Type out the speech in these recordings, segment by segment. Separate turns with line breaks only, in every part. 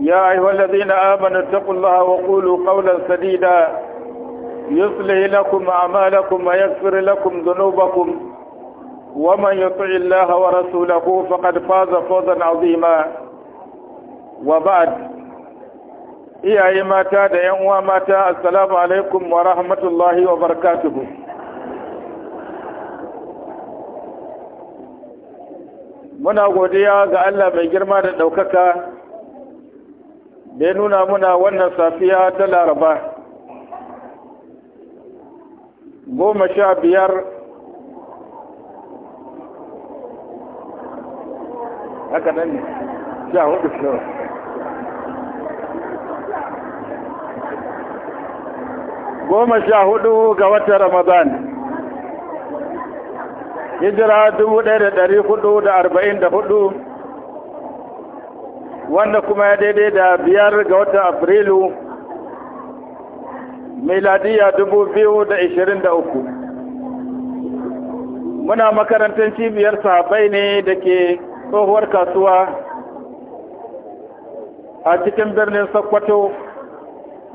يا أيها الذين آمنوا اتقوا الله وقولوا قولا سديدا يصلح لكم أعمالكم ويغفر لكم ذنوبكم ومن يطع الله ورسوله فقد فاز فوزا عظيما وبعد iyaye mata da ‘yan uwa mata assalamu alaikum wa rahmatullahi wa barakatuhu muna godiya ga Allah mai girma da ɗaukaka da ya nuna muna wannan safiya ta laraba goma sha biyar haka nan ne sha hudu shawar goma sha hudu ga watan ramadan hijira dubu ɗaya da dari hudu da arba'in da hudu wanda kuma ya daidai da biyar ga watan afrilu miladiya dubu biyu da ishirin da uku muna makarantar cibiyar sahabai ne da ke tsohuwar kasuwa a cikin birnin sokoto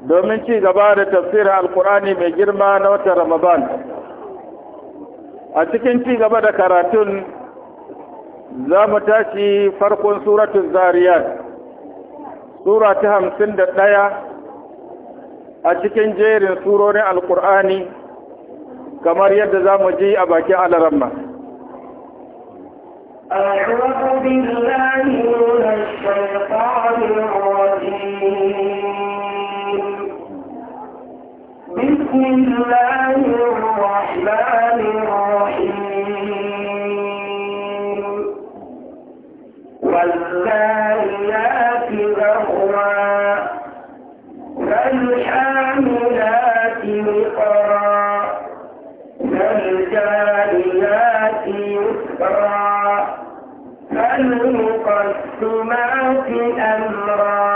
domin ci gaba da tafsirin alkur'ani mai girma na watan ramadan a cikin ci gaba da karatun za mu tashi farkon suratun zariyar sura ta hamsin da ɗaya a cikin jerin surorin alkur'ani kamar yadda za mu ji a bakin alaramma
بسم الله الرحمن الرحيم أمرا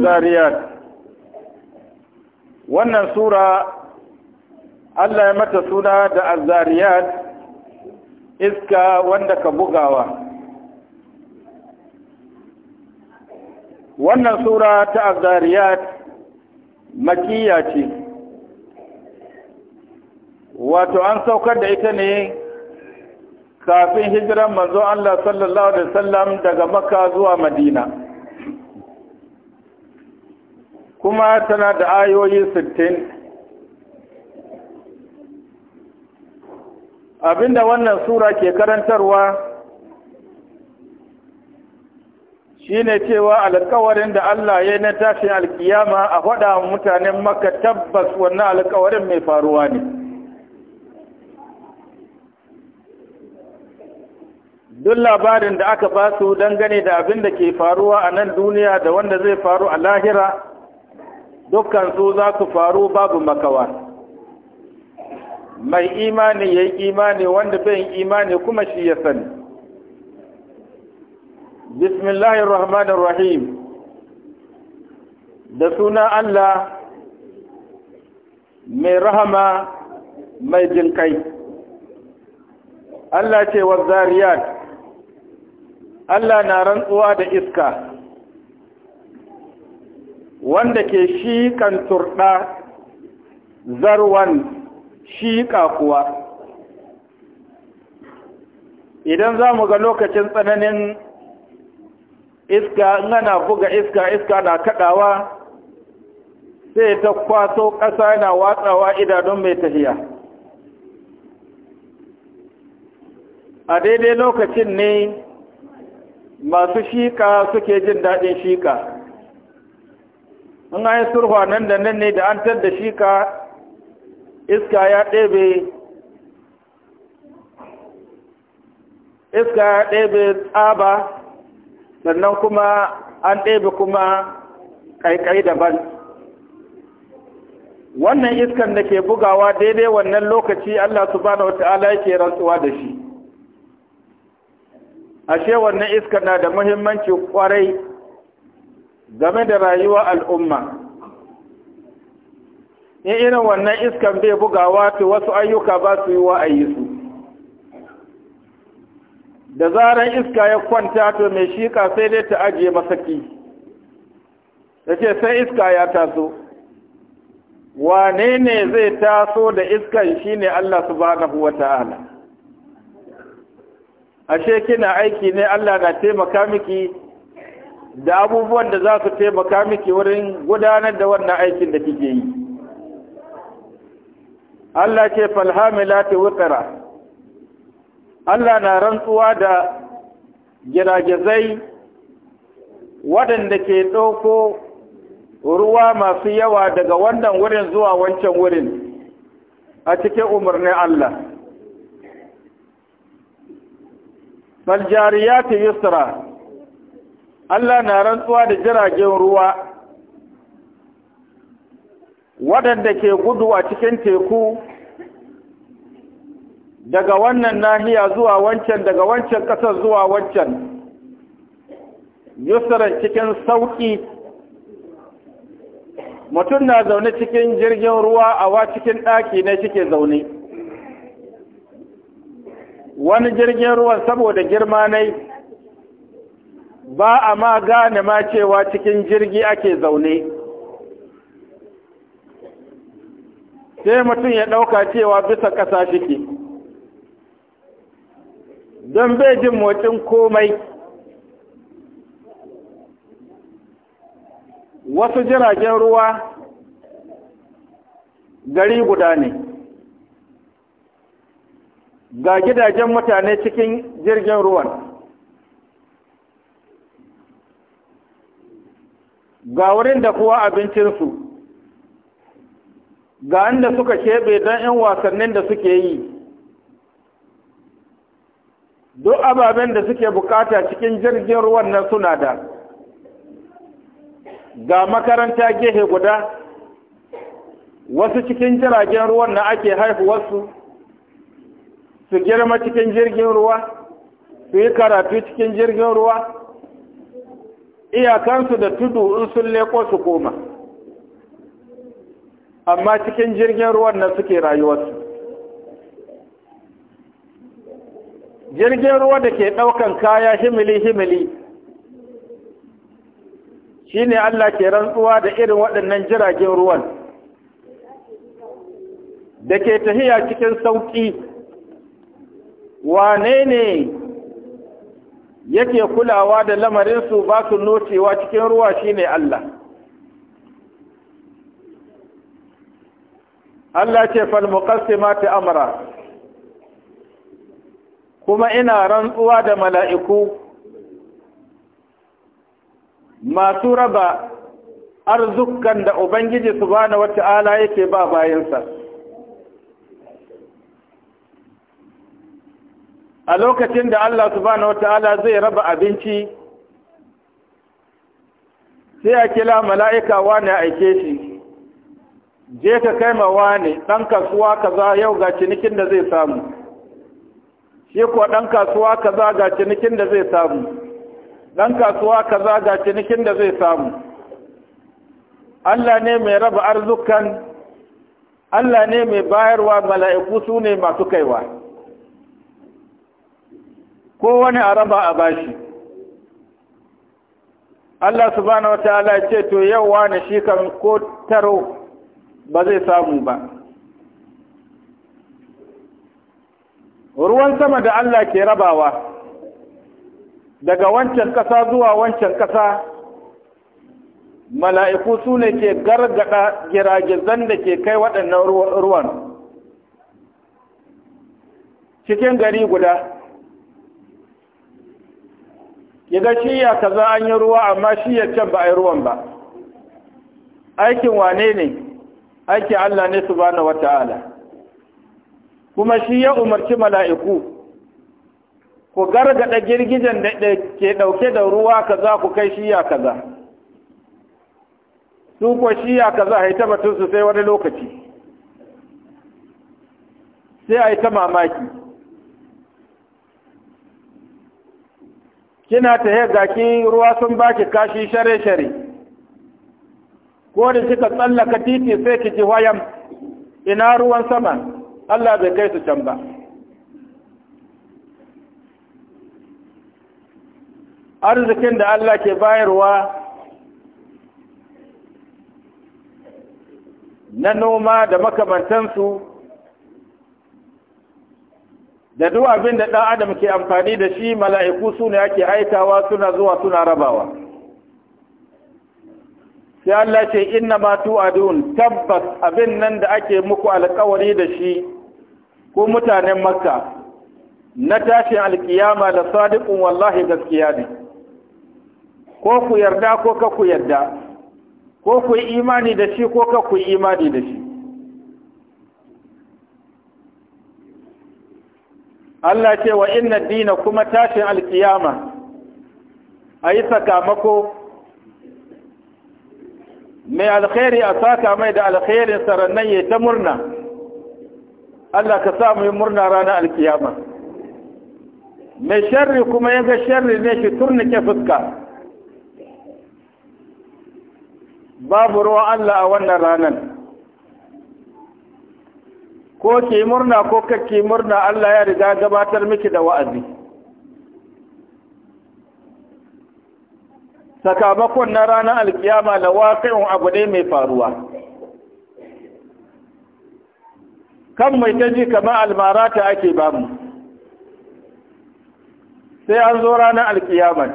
zariyat wannan sura Allah ya mata suna da azzariyat iska wanda ka bugawa wannan sura ta azzariyat makiya ce wato an saukar da ita ne kafin hijiran manzo Allah sallallahu alaihi wasallam daga makka zuwa madina kuma tana da ayoyi sittin. abinda wannan sura ke karantarwa shine cewa alkawarin da Allah ya na tashin alkiyama a faɗa mutanen maka tabbas wannan alkawarin mai faruwa ne duk labarin da aka ba su dangane da abin da ke faruwa a nan duniya da wanda zai faru a lahira dukkan su za su faru babu makawa mai imani ya yi imani wanda bai imani kuma shi ya sani bismillahir rahmanir rahim da suna Allah mai rahama mai jinkai Allah ce wa zariyat Allah na rantsuwa da iska wanda ke shiƙan turɗa zarwan shiƙa kuwa idan za mu ga lokacin tsananin iska in buga iska iska na kaɗawa sai ta kwaso ƙasa na watsawa idanun mai tafiya a daidai lokacin ne masu shiƙa suke jin daɗin shiƙa in an yi surfa nan da nan ne da an tar da shi ka iska ya ɗebe iska ya ɗebe tsaba sannan kuma an ɗebe kuma ƙaiƙai daban wannan iskan da ke bugawa daidai wannan lokaci Allah subhanahu wata'ala yake rantsuwa da shi ashe wannan iskan na da muhimmanci kwarai game da rayuwar al'umma in irin wannan iskan bai bugawa to wasu ayyuka ba su yi wa su da zaran iska ya kwanta to mai shiƙa sai dai ta ajiye masaki ta ce sai iska ya taso wane ne zai taso da iskan shine Allah su ba wa ta'ala ashe kina aiki ne Allah na taimaka miki da abubuwan da za su taimaka miki wurin gudanar da wannan aikin da kike yi Allah ce falhamilati wukara, Allah na rantsuwa da giragizai waɗanda ke ɗauko ruwa masu yawa daga wannan wurin zuwa wancan wurin a cikin umarnin Allah. Faljariyati yusra Allah na rantsuwa da jiragen ruwa waɗanda ke gudu a cikin teku daga wannan nahiya zuwa wancan daga wancan ƙasar zuwa wancan yusra cikin sauƙi mutum na zaune cikin jirgin ruwa a wa cikin ɗaki na cike zaune wani jirgin ruwan saboda girma nai ba a ma gane ma cewa cikin jirgi ake zaune sai mutum ya ɗauka cewa bisa ƙasa shike don bai jin motsin komai wasu jiragen ruwa gari guda ne ga gidajen mutane cikin jirgin ruwan ga wurin da kuwa abincinsu ga inda suka keɓe don 'yan wasannin da suke yi duk ababen da suke bukata cikin jirgin ruwan nan suna da ga makaranta gehe guda wasu cikin jiragen ruwan na ake haihuwarsu su girma cikin jirgin ruwa su yi karatu cikin jirgin ruwa iyakansu da tudu in sun leko su koma amma cikin jirgin ruwan nan suke rayuwarsu jirgin ruwa da ke ɗaukan kaya himili-himili shi ne Allah ke rantsuwa da irin waɗannan jiragen ruwan da ke tahiya cikin sauƙi wane ne yake kulawa da lamarinsu ba su nocewa cikin ruwa shine Allah Allah ce fal muqassimati amara. kuma ina rantsuwa da mala'iku masu raba arzukan da Ubangiji su wata wata'ala yake ba bayansa a lokacin da Allah subhanahu wata'ala zai raba abinci sai a kila mala'ika wane aike shi je ka kai ma wane ɗan kasuwa kaza yau ga cinikin da zai samu shi ko ɗan kasuwa kaza ga cinikin da zai samu ɗan kasuwa kaza ga cinikin da zai samu Allah ne mai raba arzukan Allah ne mai bayarwa mala'iku su ne masu kaiwa. ko wani a raba a bashi Allah subhanahu wataala ce to yau wani shi kan ko taro ba zai samu ba ruwan sama da Allah ke rabawa daga wancan ƙasa zuwa wancan ƙasa mala'iku su ne ke gargada giragizan da ke kai waɗannan ruwan cikin gari guda ya ga ya kaza an yi ruwa amma shi ya can ba a yi ruwan ba aikin wane ne aikin Allah ne subhanahu wata'ala kuma shi ya umarci mala'iku ku gargada girgijen da ke ɗauke da ruwa kaza ku kai shi ya kaza su ko ya kaza a yi ta batun su sai wani lokaci sai a yi ta mamaki kina ta yi ki ruwa sun baki kashi share share ko da kika tsallaka titi sai ki ji wayan ina ruwan sama Allah bai kai su can ba arzikin da Allah ke bayarwa na noma da makamantansu da duk abin da ɗan adam ke amfani da shi mala'iku su ne ake aikawa suna zuwa suna rabawa sai Allah ce inna ma tu'adun tabbas abin nan da ake muku alkawari da shi ko mutanen makka na tashin alkiyama da sadiqun wallahi gaskiya ne ko ku yarda ko ka ku yarda ko ku yi imani da shi ko ka ku yi imani da shi Allah ce wa inna dina kuma tashin alkiyama a yi sakamako mai alkhairi a saka mai da alkhairin sarannan ya ta murna Allah ka sa yi murna ranar alkiyama mai sharri kuma ya ga sharri ne shi turnike fuska babu ruwan Allah a wannan ranar ko ki murna ko kaki murna Allah ya riga gabatar miki da wa'azi sakamakon na ranar alkiyama da waƙi'un abu ne mai faruwa kan mai ta ji kama almarata ake bamu sai an zo ranar alkiyaman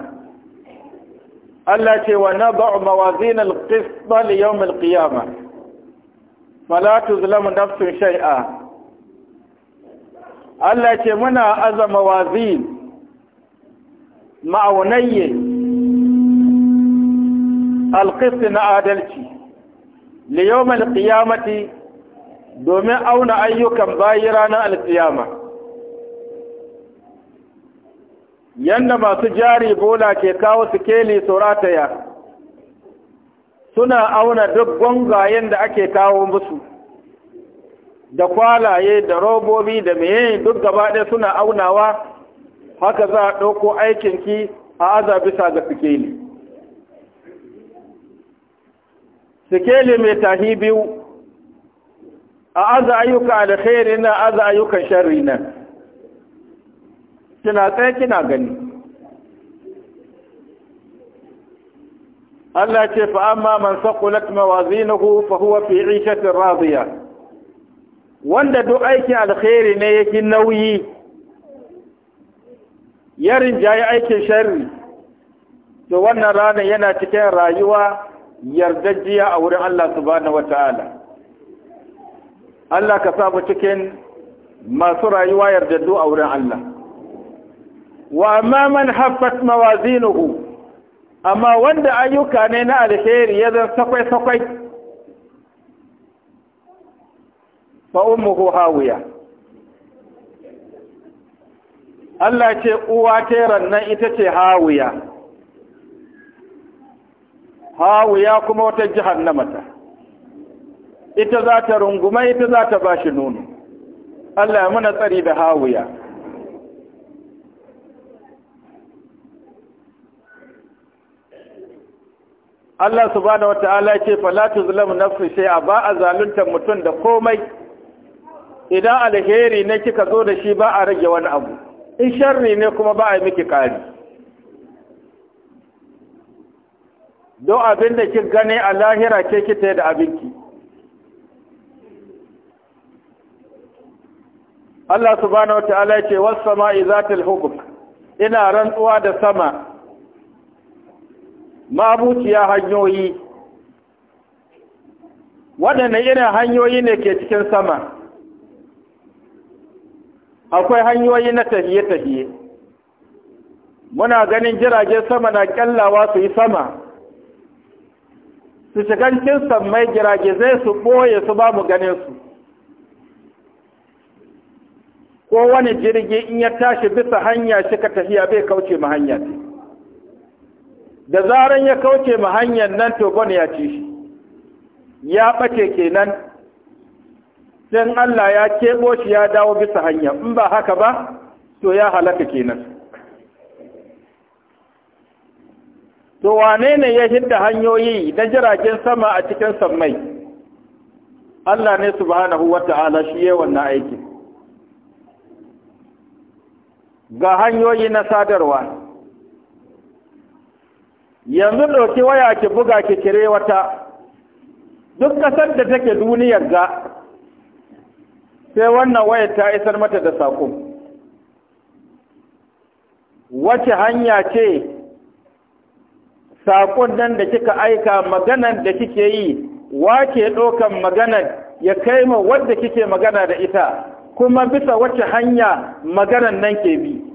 Allah ce wa na ba'u mawazin alƙisɓa liyau milkiyama fala tuzlamu nafsun shai'a Allah ce muna azama wazi ma'aunayye alƙisti na adalci liyomar ƙiyamati domin auna ayyukan bayi ranar alƙiyama yadda masu jari bola ke kawo sikeli su rataya suna auna duk gwangwayen da ake kawo musu da kwalaye da robobi da meye duk gaba ɗaya suna aunawa haka za a ɗauko aikinki a aza bisa ga sikeli sikeli mai tahi biyu a aza ayyuka alkhairi na aza ayyukan sharri nan kina tsaye kina gani Allah ce fa amma man saqulat mawazinuhu fa huwa fi 'ishatin radiya wanda duk aikin alkhairi ne yake nauyi ya rinjaye aikin sharri to wannan ranar yana cikin rayuwa yardajiya a wurin Allah subhanahu wata'ala Allah ka samu cikin masu rayuwa yardaddu a wurin Allah wa amma man haffat mawazinuhu amma wanda ayyuka ne na alheri ya zan sakwai-sakwai fa'ummuhu hawiya Allah ce uwa teran nan ita ce hawiya hawiya kuma wata na ta ita za ta runguma ita za ta ba shi nono Allah ya muna tsari da hawiya Allah subhanahu wata'ala ce fala tuzlamu nafsu shay'a ba a zaluntar mutum da komai idan alheri ne kika zo da shi ba a rage wani abu in sharri ne kuma ba a yi miki kari don abin da kin gane a lahira ke kita da abinki Allah subhanahu wata'ala ce wasu sama'i zatil hukuk ina rantsuwa da sama mabuciya hanyoyi waɗannan irin hanyoyi ne ke cikin sama akwai hanyoyi na tafiye-tafiye muna ganin jiragen sama na kyallawa su yi sama su shiga cikin sammai jirage zai su ɓoye su ba mu ganin su ko wani jirgi in ya tashi bisa hanya shi ka tafiya bai kauce ma hanya ce da zaran ya kauce ma hanyar nan to gwani ya ci shi ya ɓace kenan sai Allah ya keɓo shi ya dawo bisa hanya in ba haka ba to ya halaka kenan to wane ne ya hidda hanyoyi na jiragen sama a cikin sammai Allah ne subhanahu wata'ala shi ya wannan aikin ga hanyoyi na sadarwa yanzu ɗauki waya ki buga ki kire wata duk ƙasar da take duniyar ga sai wannan waya ta isar mata da saƙo wace hanya ce saƙon nan da kika aika maganan da kike yi wake ɗaukan maganar ya kai ma wadda kike magana da ita kuma bisa wace hanya maganar nan ke bi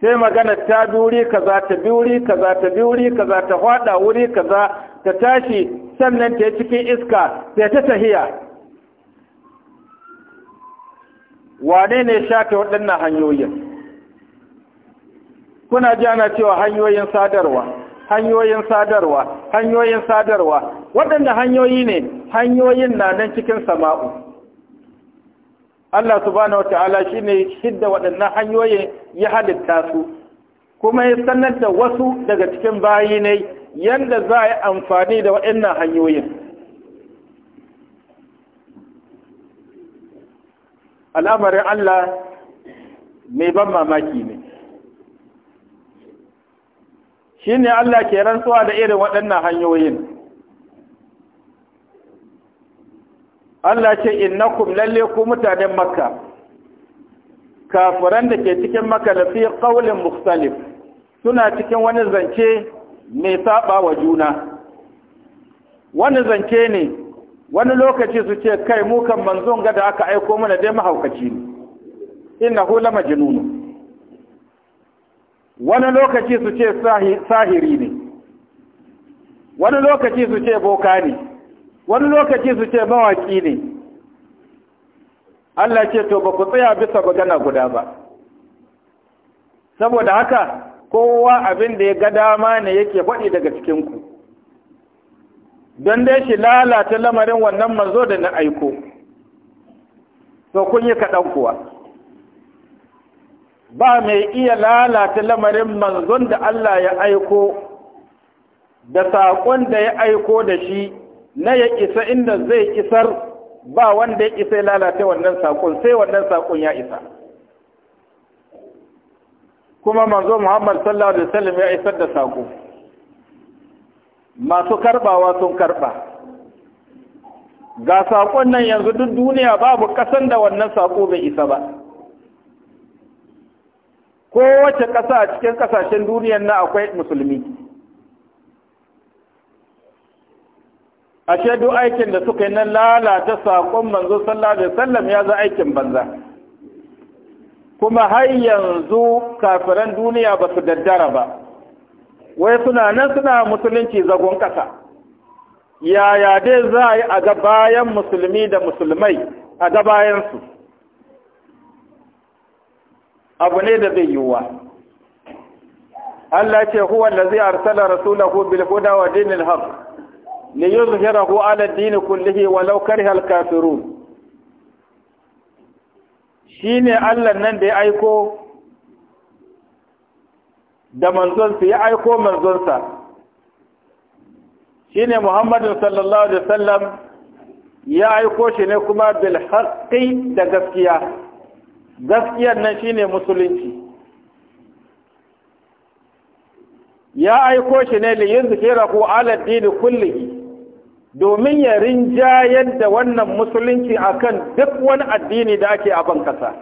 sai magana ta bi wuri kaza ta bi wuri kaza ta bi wuri kaza ta hwada wuri kaza ta tashi sannan ta yi cikin iska sai ta tahiya wane ne shafe waɗannan hanyoyin kuna ji ana cewa hanyoyin sadarwa hanyoyin sadarwa hanyoyin sadarwa waɗanda hanyoyi ne hanyoyin na nan cikin sama'u Allah subhanahu wata'ala shine hidda waɗannan hanyoyin ya halitta su kuma ya sanar da wasu daga cikin bayi ne yadda za a yi amfani da waɗannan hanyoyin al'amarin Allah mai ban mamaki ne shine Allah ke rantsuwa da irin waɗannan hanyoyin Allah ce innakum lalle ku mutanen makka kafiran da ke cikin makka da fi qaulin mukhtalif suna cikin wani zance mai saba wa juna wani zance ne wani lokaci su ce kai mu kan manzon ga da aka aiko mana dai mahaukaci ne innahu la majnun wani lokaci su ce sahiri ne wani lokaci su ce boka ne wani lokaci su ce mawaƙi ne Allah ce to ba ku tsaya bisa magana guda ba saboda haka kowa abin da ya ga dama ne yake faɗi daga cikinku don dai shi lalata lamarin wannan manzo da na aiko to kun yi kaɗan kuwa ba mai iya lalata lamarin manzon da Allah ya aiko da saƙon da ya aiko da shi na ya isa inda zai isar ba wanda ya isa lalata wannan saƙon sai wannan saƙon ya isa kuma manzo Muhammad sallallahu alaihi wasallam ya isar da saƙo masu karbawa sun karba ga saƙon nan yanzu duk duniya babu ƙasan da wannan saƙo bai isa ba kowace ƙasa a cikin ƙasashen duniyar na akwai musulmi ashe duk aikin da suka yi na lalata saƙon manzo sallallahu alaihi wasallam ya za aikin banza kuma har yanzu kafiran duniya ba su daddara ba wai suna nan suna musulunci zagon ƙasa yaya dai za a yi a ga bayan musulmi da musulmai a ga bayansu abu ne da zai yiwuwa Allah ce huwa allazi arsala rasulahu bil huda wa dinil haqq ليظهره على الدين كله ولو كره الكافرون shine Allah nan da ya aiko da manzonsa ya aiko manzonsa shine Muhammadu sallallahu alaihi wasallam ya aiko shi ne kuma bil haqqi da gaskiya gaskiyar nan shine musulunci ya aiko shi ne liyin zikira ko ala dini kullihi domin ya rinjayar da wannan musulunci akan duk wani addini da ake a bankasa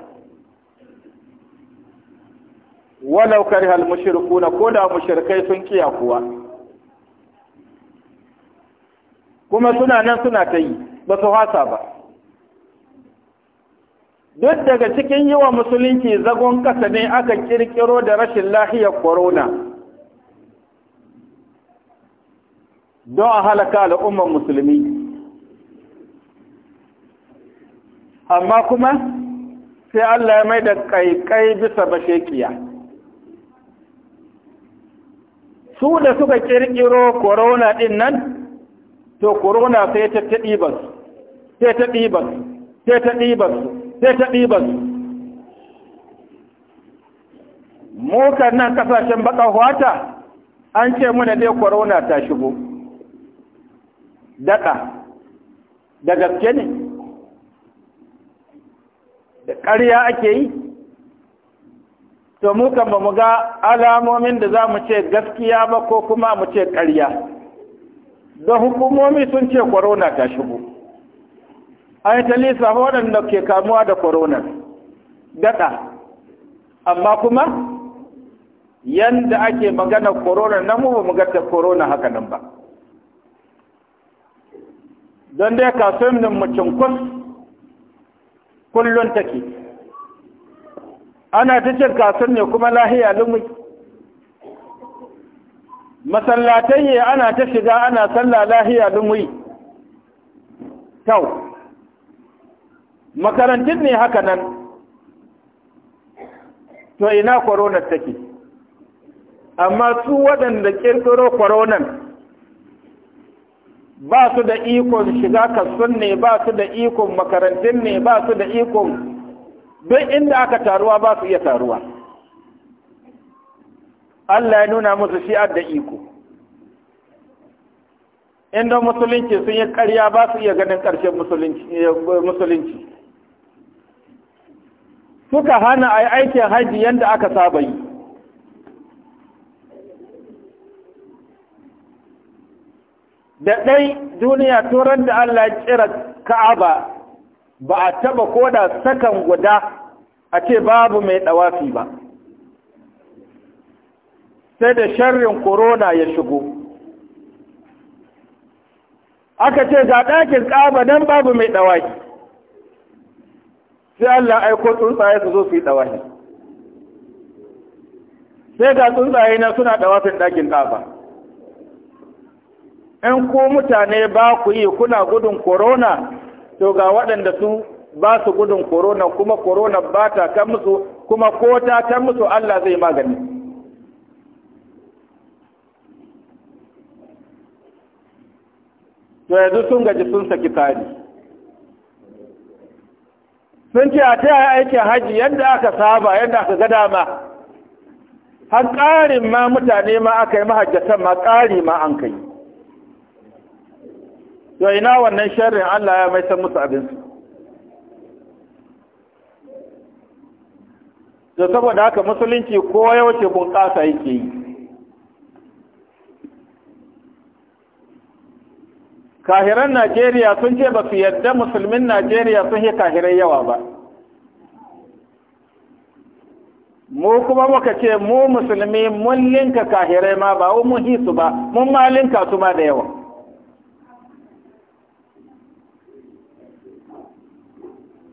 walau karihal na ko da mushrikai sun kiya kuwa kuma suna nan suna ta yi ba su hasa ba duk daga cikin yi wa musulunci zagon kasa ne aka kirkiro da rashin lahiyar corona don a halaka al'ummar musulmi amma kuma sai Allah ya mai da kaikai bisa bashekiya su da suka kirkiro corona din nan to corona sai ta ɗibar sai ta ɗibar sai ta ɗibar sai ta ba mu nan kasashen baka wata an ce muna dai corona ta shigo daɗa da gaske ne da ƙarya ake yi to mu kan ba mu ga alamomin da za mu ce gaskiya ba ko kuma mu ce ƙarya da hukumomi sun ce korona ta shigo an yi ta lisa waɗanda ke kamuwa da korona daɗa amma kuma yanda ake magana korona na mu ba mu ga ta korona haka nan ba don dai kasuwannin mutum kus kullum take ana ta cin kasar ne kuma lahiya lumi masallatai ne ana ta shiga ana sallah lahiya lumi kyau makarantun ne haka nan to ina koronar take amma su waɗanda ƙirƙiro koronan ba su da ikon shiga kasun ne ba su da ikon makarantun ne ba su da ikon duk inda aka taruwa ba su iya taruwa Allah ya nuna musu shi'ar da iko inda musulunci sun yi karya ba su iya ganin ƙarshen musulunci eh, suka hana a aikin hajji yadda aka saba yi da ɗai duniya turan da Allah ya tsira ka'aba ba a taɓa koda sakan guda a ce babu mai ɗawafi ba sai da sharrin korona ya shigo aka ce ga ɗakin Ka'aba don babu mai ɗawafi, sai Allah aiko tsuntsaye su zo su yi ɗawafi, sai ga tsuntsaye na suna ɗawafin ɗakin Ka'aba. in ku mutane ba ku yi kuna gudun korona, to ga waɗanda su ba su gudun korona kuma korona ba ta kan musu kuma ko ta kan musu Allah zai magani to yanzu sun gaji sun saki tsari sun ce a ta yi aikin haji yadda aka saba yadda aka ga dama har ƙarin ma mutane ma aka yi mahajjatan ma ƙari ma an kai to ina wannan sharrin Allah ya mai san musu abinsu Da saboda haka musulunci ko yawace bunƙasa yake yi kahiran Najeriya sun ce ba su yarda musulmin Najeriya sun yi kahirai yawa ba mu kuma muka ce mu musulmi mun linka kahirai ma ba mun hisu ba mun ma linka su ma da yawa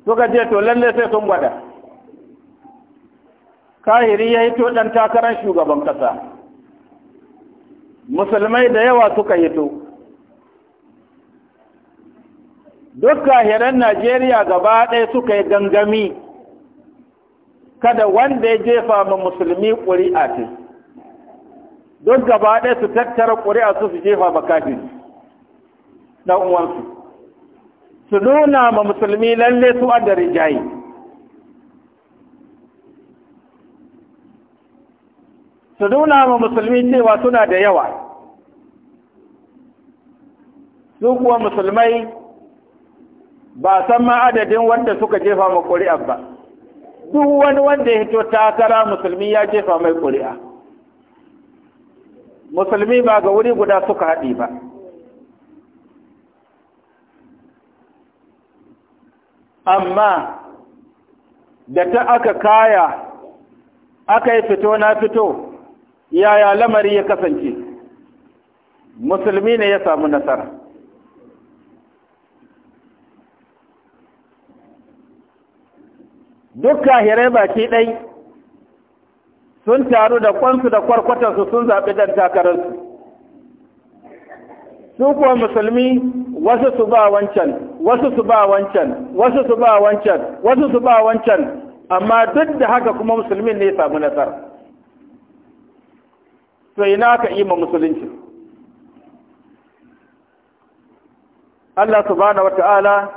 suka je to lalle sai sun gwada kahiri ya hito ɗan takarar shugaban ƙasa musulmai da yawa suka hito duk kahiran najeriya gaba ɗaya suka yi gangami kada wanda ya jefa ma musulmi ƙuri'a ce duk gaba ɗaya su tattara ƙuri'a su su jefa ma kafin na uwansu su nuna ma musulmi lalle su adda rijayi su nuna ma musulmi cewa suna da yawa su kuwa musulmai ba san ma adadin wanda suka jefa ma ƙuri'a ba duk wani wanda ya hito takara musulmi ya jefa mai ƙuri'a musulmi ba ga wuri guda suka haɗi ba amma da ta aka kaya aka yi fito na fito yaya lamari ya kasance musulmi ne ya samu nasara duk kahirai baki ɗai sun taru da kwansu da kwarkwatarsu sun zaɓi ɗan takararsu su kuwa musulmi wasu su ba wancan wasu su ba wancan wasu su ba wancan wasu su ba wancan amma duk da haka kuma musulmin ne ya samu nasara to ina ka yi ma musulunci Allah subhanahu wata'ala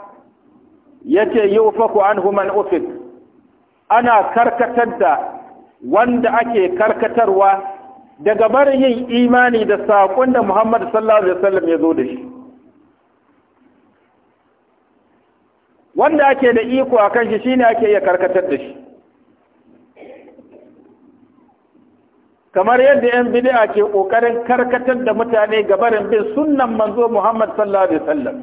yi ufaku an human ofis, ana karkatar da wanda ake karkatarwa daga barin yin imani da saƙon da Muhammadu sallallahu alaihi wasallam ya zo da shi wanda ake da iko a kan shi shine ake iya karkatar da shi kamar yadda 'yan bid'a ke ƙoƙarin karkatar da mutane gabarin bin sunnan manzo Muhammad sallallahu alaihi wasallam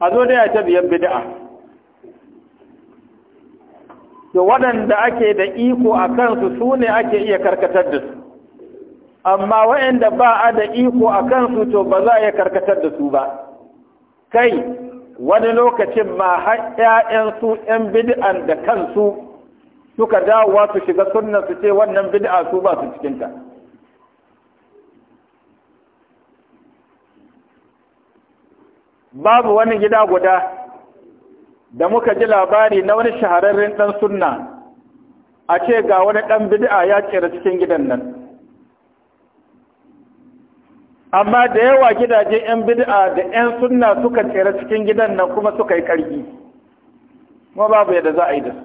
a zo da ya ta biyan bid'a to waɗanda ake da iko a kansu su ne ake iya karkatar da su amma waɗanda ba a da iko a kansu to ba za a iya karkatar da su ba kai wani lokacin ma har 'ya'yansu 'yan bid'an da kansu suka dawowa su shiga sunna su ce wannan bid'a su ba su cikinta babu wani gida guda da muka ji labari na wani shahararren ɗan sunna a ce ga wani ɗan bid'a ya tsira cikin gidan nan amma da yawa gidajen 'yan bid'a da 'yan sunna suka tsere cikin gidan nan kuma suka yi ƙarfi kuma babu yadda za a yi da su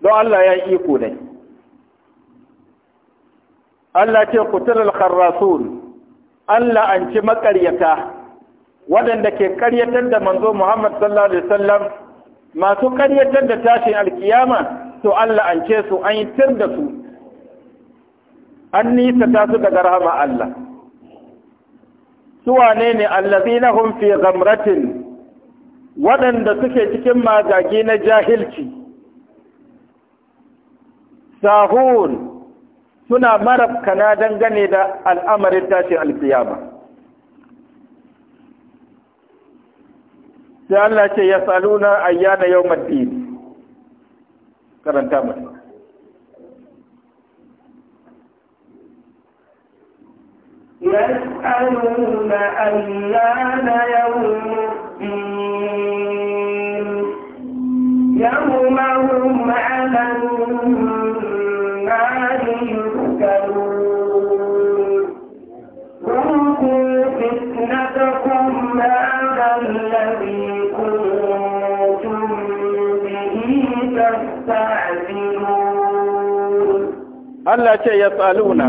don Allah ya yi iko ne? Allah ce kuturar kharrasun Allah an ci maƙaryata waɗanda ke ƙaryatar da manzo Muhammad sallallahu alaihi wasallam masu ƙaryatar da tashin alkiyama to Allah an ce su an yi tir da su an nisa ta su daga rahama Allah suwa ne ne allazina hum fi ghamratin waɗanda suke cikin magagi na jahilci sahun suna marabkana dangane da al'amarin tashin alfiyama? sai Allah ce ya saluna ayyana yau karanta mutum
يسألون أيان يوم الدين يوم هم على النار يفتنون قلتم فتنتكم هذا الذي كنتم به تستعجلون
الله يسألون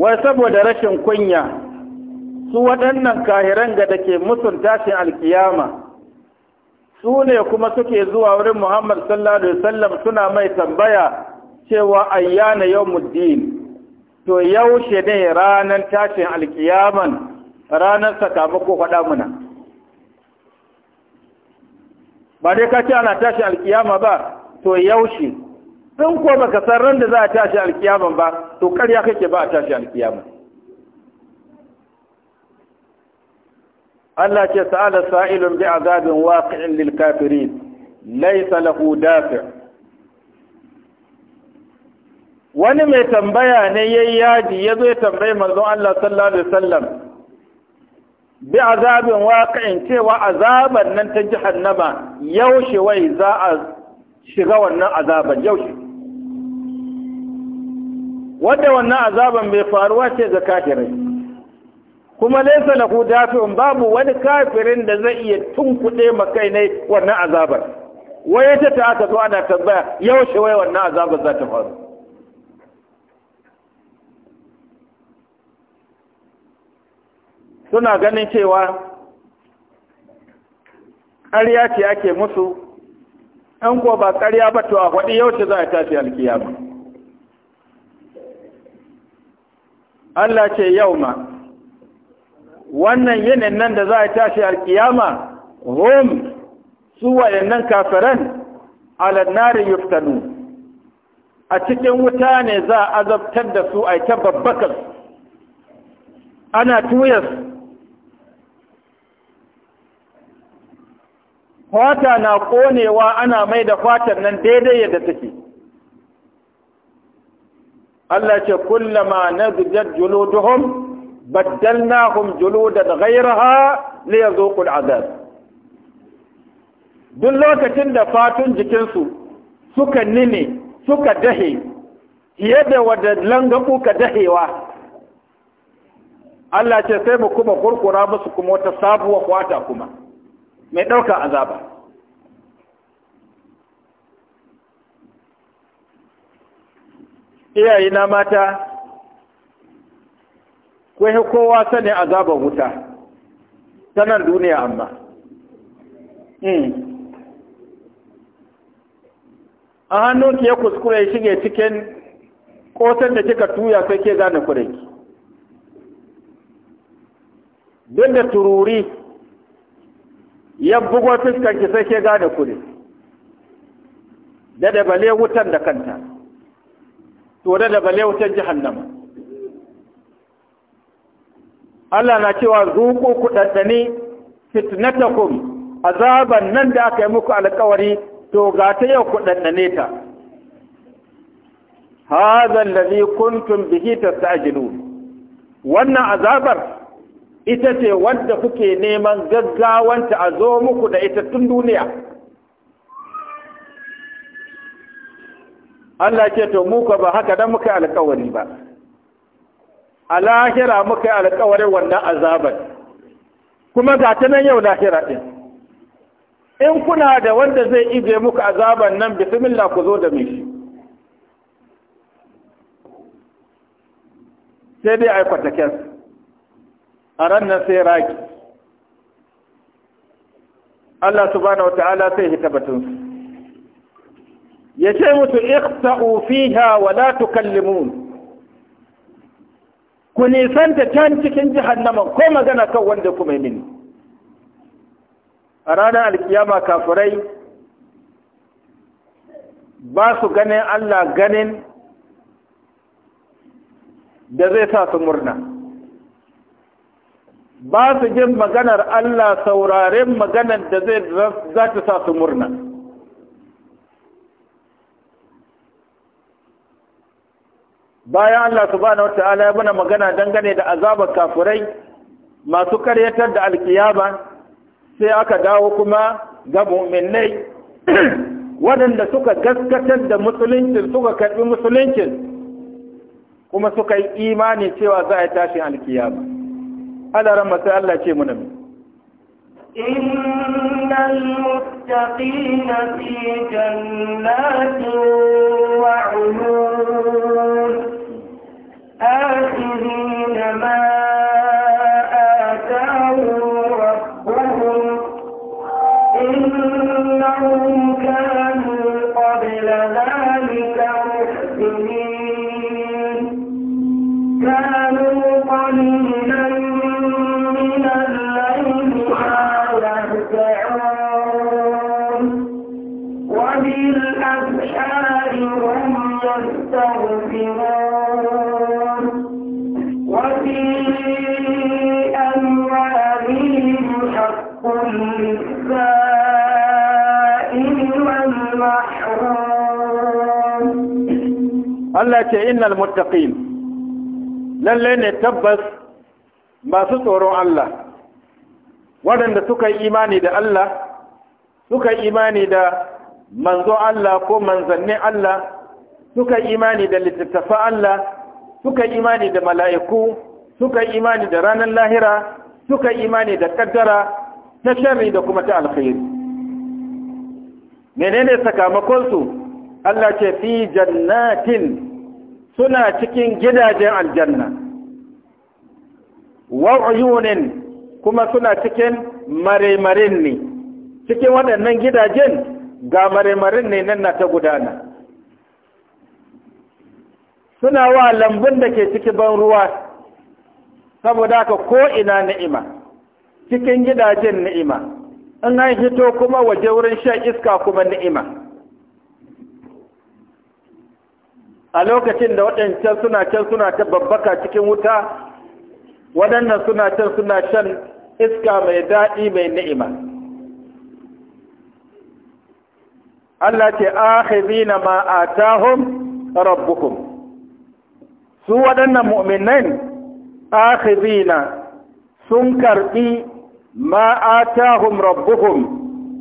wai saboda rashin kunya su waɗannan kahiran ga da ke musun tashin alkiyama su ne kuma suke zuwa wurin muhammad sallallahu alaihi wasallam suna mai tambaya cewa ayyana yawmuddin to yaushe ne ranar tashin alkiyaman ranar sakamako faɗa muna ba dai ka ce ana tashin alkiyama ba to yaushe in ko baka san ran da za a tashi alkiyaman ba to ƙarya kake ba a tashi alkiyaman Allah ce sa'ala sa'ilun bi azabin waqi'in lil kafirin laysa lahu dafi' wani mai tambaya ne yayi yadi yazo ya tambayi manzon Allah sallallahu alaihi wasallam bi azabin waqi'in cewa azaban nan ta jahannama yaushe wai za a shiga wannan azaban yaushe Wanda wannan azaban bai faruwa ce ga kafirai kuma laisa lahu dafi'un babu wani kafirin da zai iya tunkuɗe kai ne wannan azabar waye ta ta aka zo ana tambaya yaushe wai wannan azabar za ta faru suna ganin cewa ƙarya ce ake musu ɗan ko ba ƙarya ba to a faɗi yaushe za a tashi alkiyama Allah ce yau ma wannan yinin nan da za a tashi alkiyama hum su wayannan kafiran alannari yuftanu a cikin wuta ne za a azabtar da su a ta babbakar ana tuyas fata na ƙonewa ana mai da fatan nan daidai yadda take Allah ce kullama nazijat juluduhum baddalnahum juludan ghayraha liyazuqul azab duk lokacin da fatun jikinsu suka nime suka dahe fiye da wadda langabu ka dahewa Allah ce sai mu kuma kurkura musu kuma wata sabuwar kwata kuma mai ɗaukar azaba iyaye na mata kwai kowa sani azabar wuta ta nan duniya amma hmm. a hannunki ya kuskure shige cikin ƙosan da kika tuya sai ke gane ki. duk da tururi ya bugo fuskanki sai ke gane kure da da bale wutan da kanta To da bale wutar jahannama Allah na cewa zuku ku daddane fitnatakum azaban nan da aka yi muku alkawari to ga ta yau ku daddane ta hadha allazi kuntum bihi tasta'jilun wannan azabar ita ce wanda kuke neman gaggawanta a zo muku da ita tun duniya Allah ce to mu ba haka dan muka alƙawari ba a lahira muka alƙawari wannan azabar kuma ga ta nan yau lahira din in kuna da wanda zai ije muku azaban nan bismillah ku zo da mai shi sai dai aikwata kyan a rannan sai raki Allah subhanahu wa ta'ala sai hita batunsu ya ce musu iqta'u fiha wa la tukallimun ku nisanta can cikin jahannama ko magana kan wanda kuma mini a ranar alkiyama kafirai ba su ganin Allah ganin da zai sa su murna ba su jin maganar Allah sauraren maganar da zai za sa su murna bayan Allah subhanahu ala ya bana magana dangane da azabar kafirai masu karyatar da alkiyama sai aka dawo kuma ga mu'minai waɗanda suka gaskatar da musuluncin suka karɓi musuluncin kuma suka yi imani cewa za a yi tashin alkiyama ran masu Allah ce muna mai
إن المتقين في
ce innal muttaqin lalle ne tabbas masu tsoron Allah waɗanda suka yi imani da Allah suka yi imani da manzo Allah ko manzannin Allah suka yi imani da littattafa Allah suka yi imani da mala'iku suka yi imani da ranar lahira suka yi imani da ƙaddara ta sharri da kuma ta alkhairi menene sakamakonsu Allah ce fi jannatin suna cikin gidajen aljanna wa'uyunin kuma suna cikin maremarin ne cikin waɗannan gidajen ga maremarin ne nan na ta gudana suna wa lambun da ke ciki ban ruwa saboda haka ko ina ni'ima cikin gidajen ni'ima in an hito kuma waje wurin shan iska kuma ni'ima a lokacin da waɗancan suna can suna ta babbaka cikin wuta waɗannan suna can suna shan iska mai daɗi mai ni'ima Allah ce akhizina ma atahum rabbukum su waɗannan mu'minan akhizina sun karɓi ma atahum rabbukum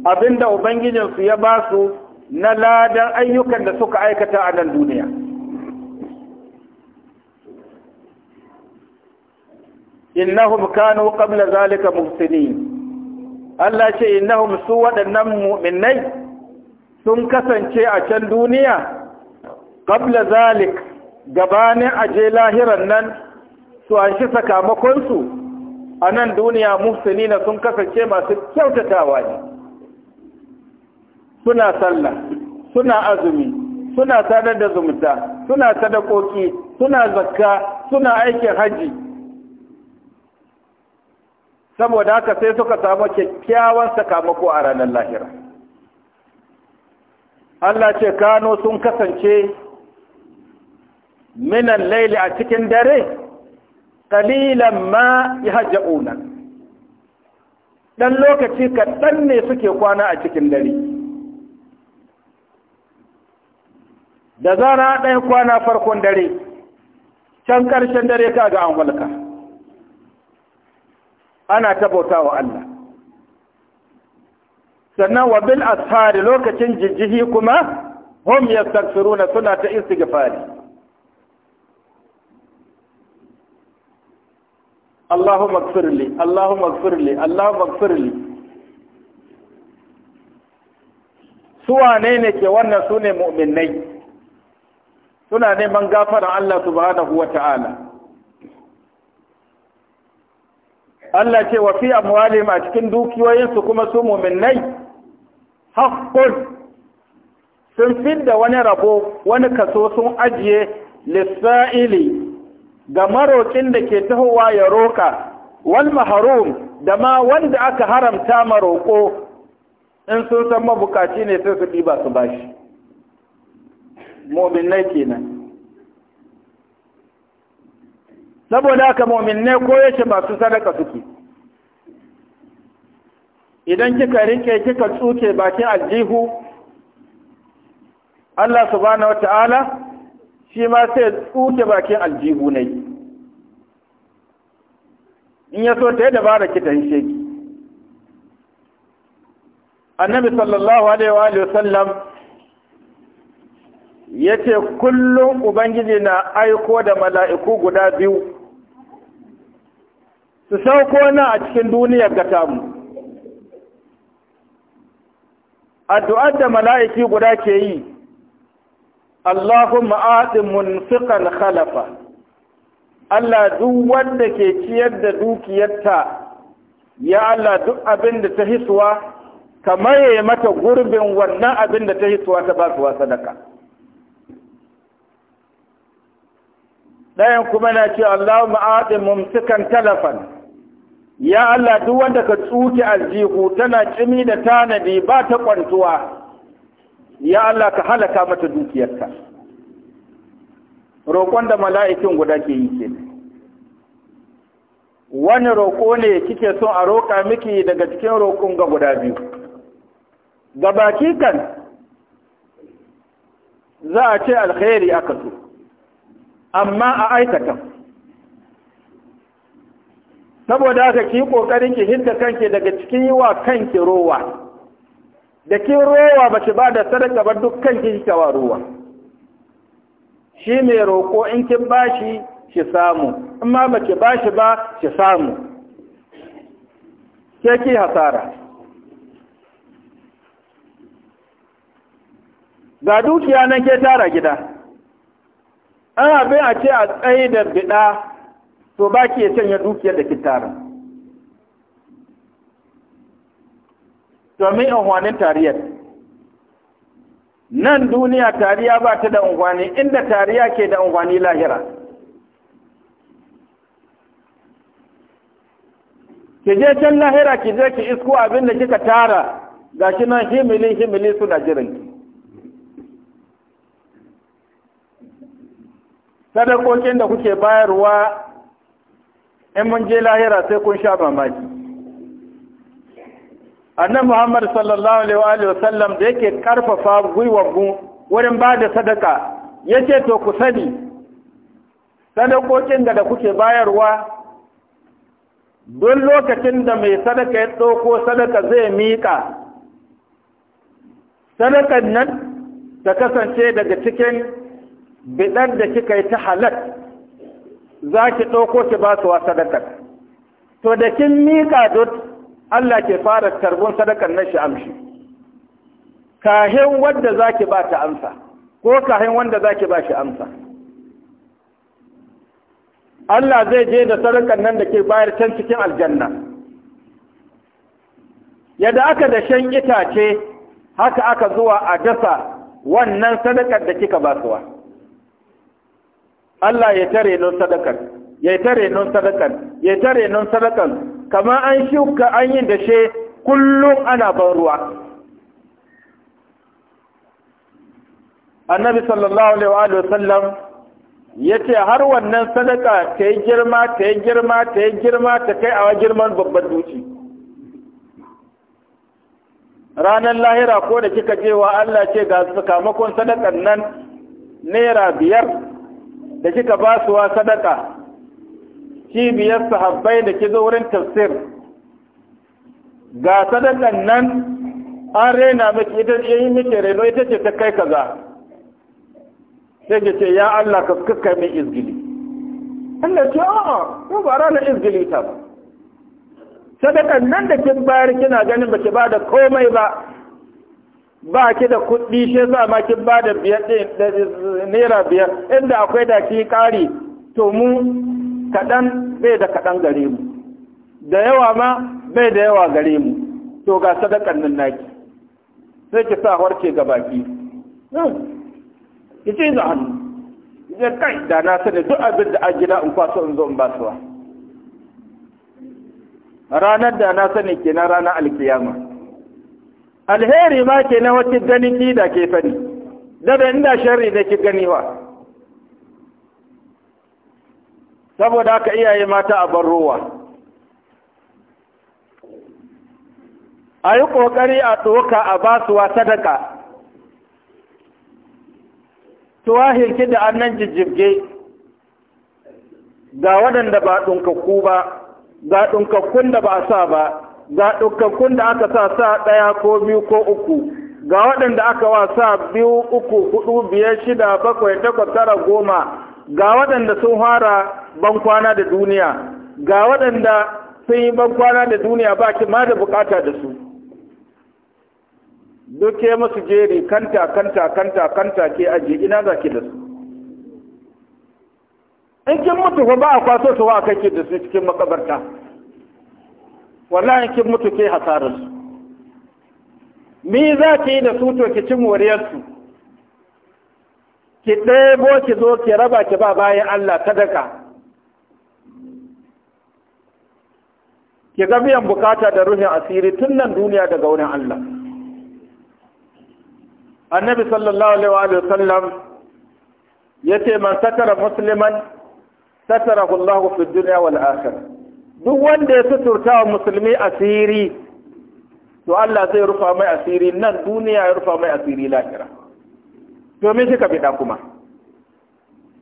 abinda ubangijinsu ya ba su na ladan ayyukan da suka aikata a nan duniya innahum kanu qabla zalika muhsinin Allah ce innahum su waɗannan mu'minnai sun kasance a can duniya qabla zalik gabanin aje lahiran nan su an shi su? a nan duniya muhsinina sun kasance masu kyautatawa ne suna sallah suna azumi suna sadar da zumunta suna sadakoki suna zakka suna aikin hajji saboda haka sai suka samu kyakkyawan sakamako a ranar lahira Allah ce kano sun kasance minan laili a cikin dare kalilan ma ya una. ɗan lokaci kaɗan ne suke kwana a cikin dare da zara ɗaya kwana farkon dare can ƙarshen dare ka ga an walka ana ta wa Allah sannan wa bil ashari lokacin jijjihi kuma hum yastaghfiruna suna ta istighfari Allahumma ighfirli Allahumma Allahumma su wane ne ke wannan sune mu'minnai suna neman gafaran Allah subhanahu wa ta'ala Allah ce wa fi amwalihim a cikin dukiyoyinsu kuma su mu'minai haqqun sun fidda wani rabo wani kaso sun ajiye lissa'ili ga marokin da ke tahowa ya roka wal maharum da ma wanda aka haramta maroko in sun san mabukaci ne sai su ɗiba su bashi mu'minai kenan saboda haka ne ko yace masu sadaka suke idan kika rike kika tsuke bakin aljihu Allah subhanahu wata'ala shi ma sai tsuke bakin aljihu ne in ya so ta yi dabara ki ta hishe ki annabi sallallahu alaihi wa sallam ya ce kullum ubangiji na aiko da mala'iku guda biyu su sauko na a cikin duniyar ga tamu addu'ar da mala'iki guda ke yi Allahumma aɗin munfiƙan khalafa Allah duk wanda ke ciyar da dukiyarta ya Allah duk abin da ta hisuwa kamar ya yi mata gurbin wannan abin da ta hisuwa ta basuwa sadaka ɗayan kuma na ce Allahumma aɗin mumsikan talafan ya Allah duk wanda ka tsuke aljihu tana kimi da tanadi ba ta kwantuwa ya Allah ka halaka mata dukiyarka roƙon da mala'ikin guda ke yi ke wani roƙo ne kike son a roƙa miki daga cikin roƙon ga guda biyu Ga baki kan za a ce alkhairi aka so amma a aikatan saboda haka ki kokarin ki hidda kanki daga cikin yiwa wa kanki rowa da ki rowa ba ki ba da sadaka ba duk kanki ki wa ruwa shi mai roƙo in kin bashi ki samu amma ba ki bashi ba ki samu ke ki hasara ga dukiya nan ke tara gida ana bin a ce a tsaye da biɗa to ba ki ya canya dukiyar da kitara domin unhwanin tariyar nan duniya tariya ba ta da unguwanni, inda tariya ke da unguwanni lahira ki je can lahira ki je ki isko abin da kika tara ga shi nan himili himili suna jiranki sadakokin da kuke bayarwa in mun je lahira sai kun sha mamaki annan muhammad sallallahu alaihi wa sallam da yake karfafa gwiwar mu wurin ba da sadaka yace to ku sani sadakokin da kuke bayarwa don lokacin da mai sadaka ya ɗauko sadaka zai miƙa sadakan nan ta kasance daga cikin biɗar da kika yi ta halat za ki ɗauko ki ba su wa sadakar to da kin miƙa duk Allah ke fara tarbon sadakar na shi amshi kahin wanda za ki ba ta amsa ko kahin wanda za ki ba shi amsa Allah zai je da sadakar nan da ke bayar can cikin aljanna yadda aka da shan itace haka aka zuwa a dasa wannan sadakar da kika basuwa. Allah ya tare nan sadakar ya tare nan sadakar ya tare sadakar kamar an shuka an yi she kullum ana ban ruwa annabi sallallahu alaihi wa sallam ya ce har wannan sadaka ta yi girma ta yi girma ta yi girma ta kai a girman babban duci ranar lahira ko da kika je wa Allah ce ga sakamakon sadakan nan naira biyar da kika ba su wa sadaka cibiyar sahabbai da kizo wurin tafsir ga sadakan nan an rena miki ita ce yi miki reno ita ce ta kai kaza sai ki ce ya Allah ka kai min izgili Allah ce a'a ko ba ranar izgili ta ba sadakan nan da kin bayar kina ganin ki ba da komai ba ba ki da kuɗi shi za ma ki ba da biyar naira biyar inda akwai da ki ƙari to mu kaɗan bai da kaɗan gare mu da yawa ma bai da yawa gare mu to ga sadakan nan naki sai ki sa warke ga baki hmm. ki ce za hannu ya kai da na sani duk abin da an gida in kwaso in zo in basuwa ranar da na sani kenan ranar alkiyama alheri ma ke na wata ganin ni da ke fani da da inda sharri da ke ganewa saboda haka iyaye mata a bar a yi ƙoƙari a ɗoka a basuwa sadaka Tuwahilki da annan jijjibge ga waɗanda ba ɗunkakku ba ga ɗunkakkun da ba a sa ba ga dukkan da aka sa sa ɗaya ko biyu ko uku ga waɗanda aka wa sa biyu uku hudu biyar shida bakwai takwas tara goma ga waɗanda sun fara bankwana da duniya ga waɗanda sun yi bankwana da duniya ba ki ma da bukata da su duk ke musu jeri kanta kanta kanta kanta ke aji, ina za ki da su in kin mutu fa ba a kwaso su wa kake da su cikin makabarta wallahi kin mutu ke hasarar su me za yi da su to ki ci moriyar su ki ɗebo ki zo ki raba ki ba bayan Allah sadaka ki ga biyan bukata da ruhin asiri tun nan duniya daga wurin Allah annabi sallallahu alaihi wa sallam yace man satara musliman satarahu Allah fi dunya wal akhirah duk wanda ya suturta wa musulmi asiri to Allah zai rufa mai asiri nan duniya ya rufa mai asiri lahira domin shi ka fita kuma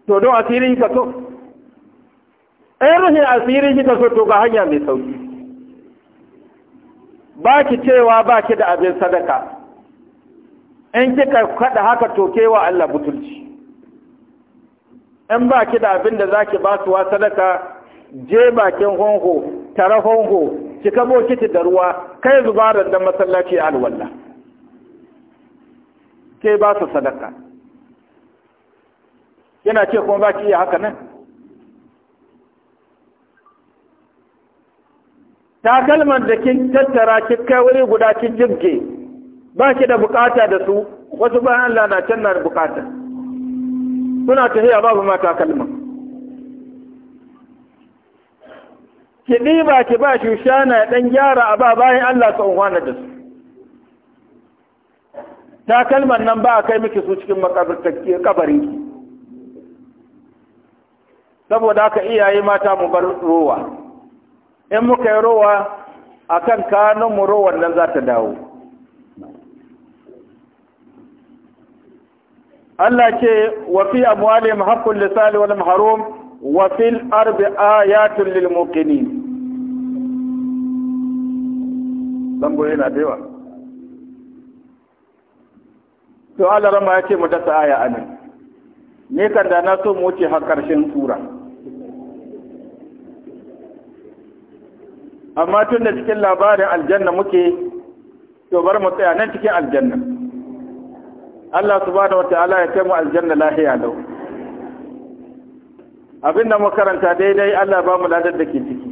to don asiri ka so ɗan eh, rashin asiri shi ka so to ga hanya mai sauki ba ki cewa ba ki da abin sadaka in kika kada haka to kewa Allah butulci in ba ki da abin da za ki ba su wa sadaka je bakin honho tara honho cika bokiti da ruwa kai zubarar da masallaci alwalla ke ba su sadaka yana ce kuma ba ki iya haka nan takalman da kin tattara ki kai wuri guda kin jirge ba ki da bukata da su wasu bayan Allah na can na bukata suna tafiya babu ma takalman ki ɗiba ki ba shana ɗan gyara a ba bayan Allah ta unwana da su takalman nan ba a kai miki su cikin kabarin ki saboda haka iyaye mata mu bar rowa in muka yi rowa akan kanun mu rowar nan za ta dawo Allah ce wa fi amwalihim haqqul lisali wal mahrum wa fil ardi ayatun lil muqinin zango yana da yawa to Allah rama ya ce mu dasa aya anan ne kan da na so mu wuce har karshen sura amma tun da cikin labarin aljanna muke to bar mu tsaya nan cikin aljanna Allah subhanahu wataala ya kai mu aljanna lahiya lau abinda mu karanta daidai Allah ba mu ladar da ke ciki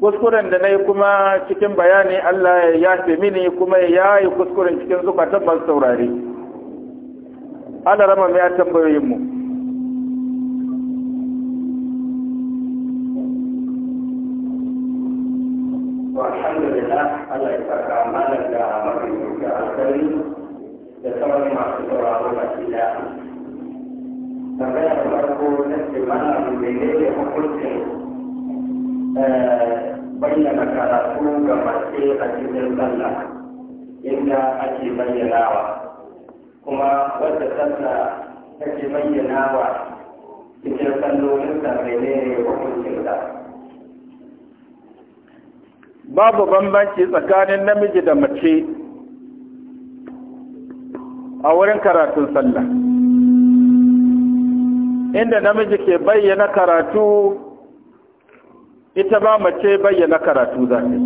kuskuren da na yi kuma cikin bayani Allah ya yafe mini kuma ya yi kuskuren cikin zukatan masu saurari. Allah rama mai tambayoyinmu.
Alhamdulillah, Allah ya Eh, bayyana karatu ga masu a cikin sallah inda ake bayyanawa kuma wadda sallah ake bayyanawa cikin sallolin sa ne hukuncin ta
babu bambanci tsakanin namiji da mace a wurin karatun sallah inda namiji ke bayyana karatu ita ba mace bayyana karatu za ta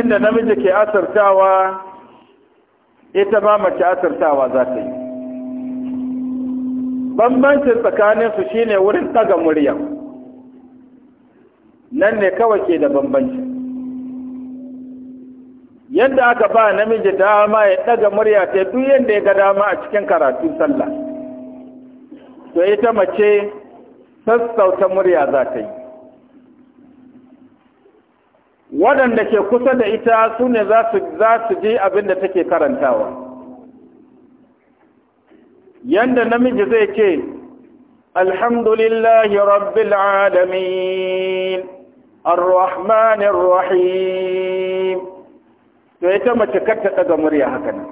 inda namiji ke asartawa ita ba mace asartawa za ta yi bambancin tsakaninsu shine wurin ɗaga murya nan ne kawai ke da bambanci yadda aka ba namiji dama ya daga murya ta duk yadda ya ga dama a cikin karatu sallah to ita mace sassauta murya za ta yi waɗanda ke kusa da ita su ne za su ji abin da take karantawa yanda namiji zai ce alhamdulillahi rabbil alamin arrahmanir rahim to ita mace kar ta daga murya haka nan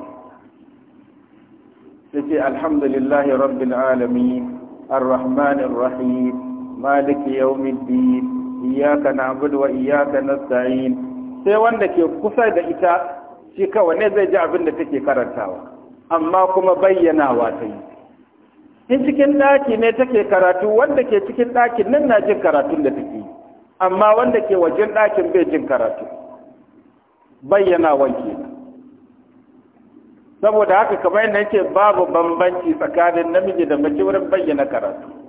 tace alhamdulillahi rabbil alamin arrahmanir rahim maliki yawmiddin iyyaka na'budu wa na nasta'in sai wanda ke kusa da ita shi kawai ne zai ji abin da take karantawa amma kuma bayyanawa ta yi in cikin ɗaki ne take karatu wanda ke cikin ɗakin nan na jin karatun da take amma wanda ke wajen ɗakin bai jin karatu bayyanawan kenan saboda haka kamar yadda yake babu bambanci tsakanin namiji da mace wurin bayyana karatu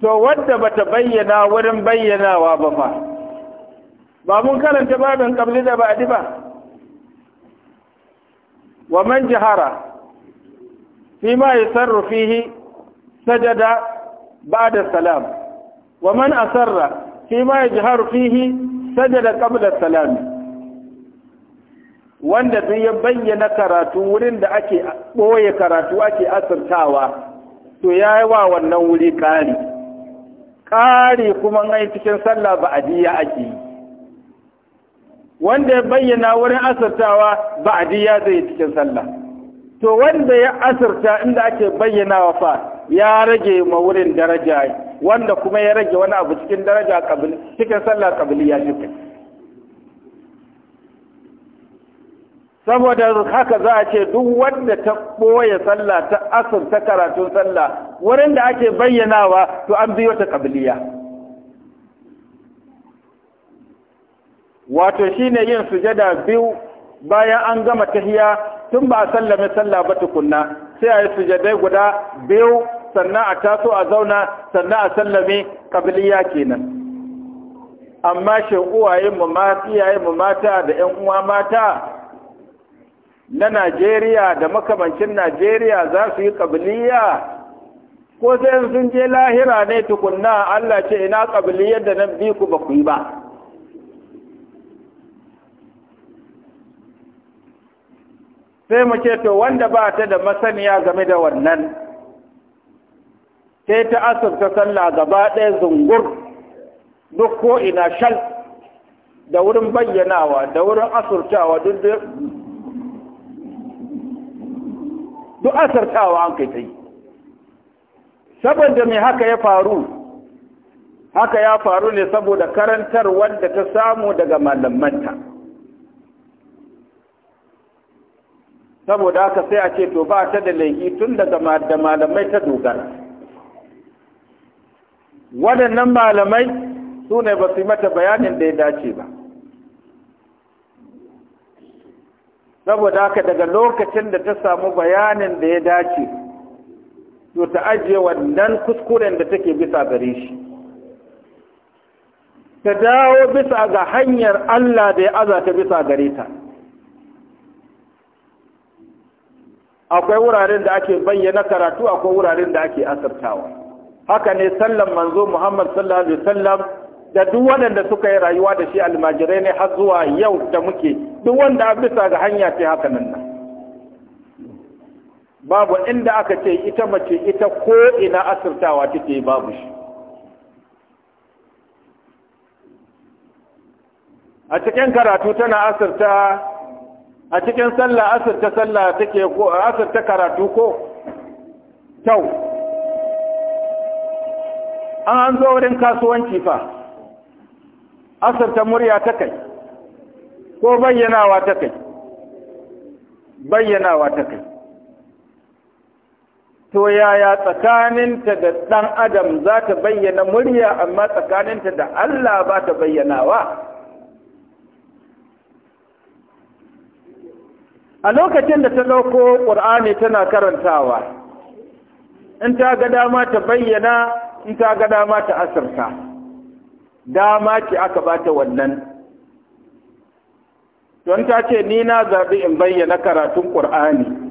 to wadda bata bayyana wurin bayyanawa ba fa ba mun karanta babin kabli da ba'di ba wa man jahara fi ma yasarru fihi sajada ba'da salam wa man asarra fi ma yajharu fihi sajada qabla salam wanda duk ya bayyana karatu wurin da ake boye karatu ake asirtawa to yayi wa wannan wuri kari ƙari kuma ngai cikin sallah ba'adiyya ake yi wanda ya bayyana wurin asirtawa ba'adiyya zai yi cikin sallah to wanda ya asirta inda ake bayyana wa fa ya rage ma wurin daraja wanda kuma ya rage wani abu cikin daraja cikin sallah kabiliya duka saboda haka za a ce duk wanda ta ɓoye sallah ta asirta karatun sallah wurin da ake bayyanawa to an biyo ta ƙabiliya wato shine yin sujada biyu bayan an gama tahiya tun ba a sallame sallah ba tukunna sai a yi sujadai guda biyu sannan a taso a zauna sannan a sallame ƙabiliya kenan amma shin uwaye mu mata mu mata da 'yan uwa mata na Najeriya da makamancin Najeriya za su yi ƙabiliya ko sai sun je lahira ne tukunna Allah ce ina kabili yadda nan bi ku ba ku yi ba sai mu ce to wanda ba ta da masaniya game da wannan sai ta ta sallah gaba ɗaya zungur duk ko ina shal da wurin bayyanawa da wurin asurtawa duk duk asurtawa an kai ta yi saboda mai haka ya faru haka ya faru ne saboda karantar wanda ta samu daga malamanta saboda haka sai a ce to ba ta da laifi tun daga malamai ta dogara waɗannan malamai su ne ba su yi mata bayanin da ya dace ba saboda haka daga lokacin da ta samu bayanin da ya dace to ta ajiye wannan kuskuren da take bisa gare shi ta dawo bisa ga hanyar Allah da ya azata bisa gare ta akwai wuraren da ake bayyana karatu akwai wuraren da ake asirtawa haka ne sallan manzo Muhammad sallallahu alaihi wasallam da duk waɗanda suka yi rayuwa da shi almajirai ne har zuwa yau da muke duk wanda bisa ga hanya ce haka nan babu inda aka ce ita mace ita ko ina asirtawa take babu shi a cikin karatu tana asirta a cikin sallah asirta sallah take ko asirta karatu ko tau an zo wurin kasuwanci fa asirta murya ta kai ko bayyanawa ta kai bayyanawa ta kai to yaya tsakaninta da ɗan adam za ta bayyana murya amma tsakaninta da Allah ba ta bayyanawa a lokacin da ta ɗauko ƙur'ani tana karantawa in ta ga dama ta bayyana in ta ga dama ta asirta dama ce aka ba ta wannan don ta ce ni na zaɓi in bayyana karatun ƙur'ani